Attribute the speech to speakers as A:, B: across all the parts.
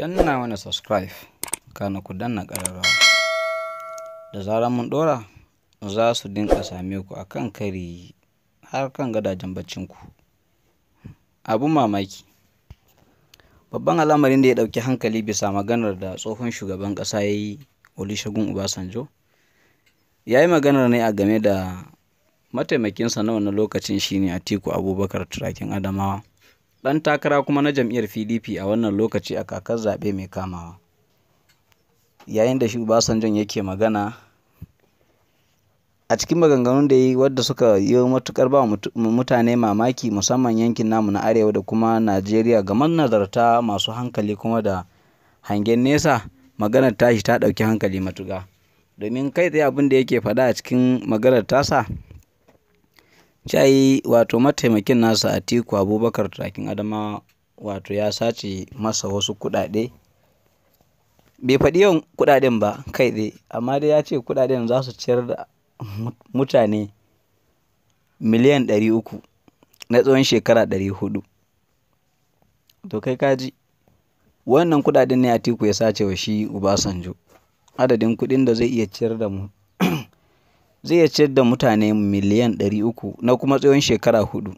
A: danna mana subscribe kana ku danna ƙararrawa da zarar mun ɗora za su dinka same ku a kan kari har kan gadajen ku. abun mamaki babban al'amarin da ya ɗauki hankali bisa maganar da tsohon shugaban ƙasa ya yi olusegun obasanjo ya yi maganar ne a game da mataimakinsa na wannan lokacin shine atiku abubakar turakin adamawa ɗan takara kuma na jam'iyyar PDP a wannan lokaci a kakar zaɓe mai kamawa. Yayin da shi Obasanjan yake magana a cikin maganganun da yi wadda suka yi matukar ba mutane mamaki musamman yankin namu na arewa da kuma Najeriya ga manazarta masu hankali kuma da hangen nesa maganar tashi ta ɗauki hankali matuka domin kai tsaye abinda yake faɗa a cikin maganar tasa Shayi wato mataimakin nasa a Tiku Abubakar Takin adama wato ya sace masa wasu kuɗaɗe. Bai faɗi yawan kuɗaɗen ba kai tsaye, amma dai ya ce kuɗaɗen za su ciyar da mutane miliyan ɗari uku na tsawon shekara ɗari hudu. To kai ka wannan kuɗaɗen ne a Tiku ya sace wa shi Ubasanjo. adadin kuɗin da zai iya ciyar da mu. zai iya ciyar da mutane miliyan 300 na kuma tsawon shekara hudu.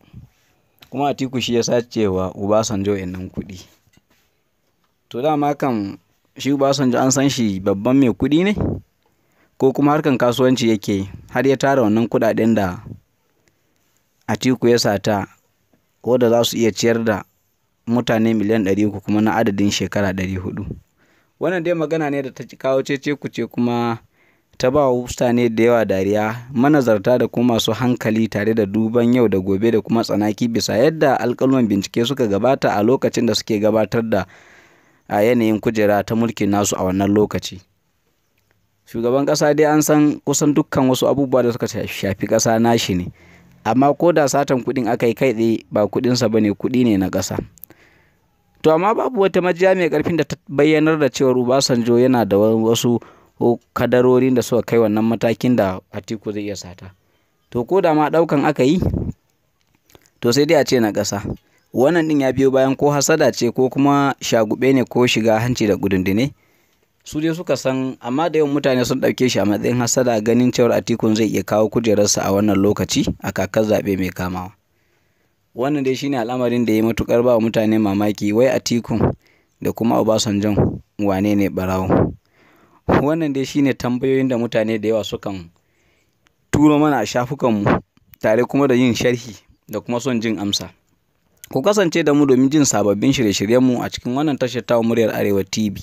A: kuma Atiku shi ya sa cewa Obasanjo nan kuɗi. To dama kam shi Obasanjo an san shi babban mai kuɗi ne, ko kuma harkan kasuwanci yake har ya tara wannan kuɗaɗen da Atiku ya sata wadda za su iya ciyar da mutane miliyan 300 kuma na adadin shekara 400. Wannan dai magana ne da ta kawo cece kuce kuma ta ba wa mutane da yawa dariya manazarta da kuma masu hankali tare da duban yau da gobe da kuma tsanaki bisa yadda alkaluman bincike suka gabata a lokacin da suke gabatar da a yanayin kujera ta mulkin nasu a wannan lokaci shugaban ƙasa dai an san kusan dukkan wasu abubuwa da suka shafi ƙasa nashi ne amma ko da satan kuɗin aka yi kai tsaye ba kuɗinsa ba ne kuɗi ne na ƙasa to amma babu wata majiya mai ƙarfin da ta bayyanar da cewar ubasanjo yana da wasu Ko kadarorin da suka kai wannan matakin da Atiku zai iya sata. To ko da ma ɗaukan aka yi, to sai dai a ce na kasa. Wannan ɗin ya biyo bayan ko hasada ce ko kuma shagube ne ko shiga hanci da gudundune. Su dai suka san amma da yawan mutane sun ɗauke shi a matsayin hasada ganin cewar Atikun zai iya kawo kujerarsa a wannan lokaci a kakar zaɓe mai kamawa. Wannan dai shine al'amarin da ya matukar ba mutane mamaki wai Atikun da kuma Obasanjo wane ne barawo. Wannan dai shi ne tambayoyin da mutane da yawa sukan turo mana a shafukanmu tare kuma da yin sharhi da kuma son jin amsa. Ku kasance da mu domin jin sababbin shirye-shiryenmu a cikin wannan tashar ta muryar Arewa TV.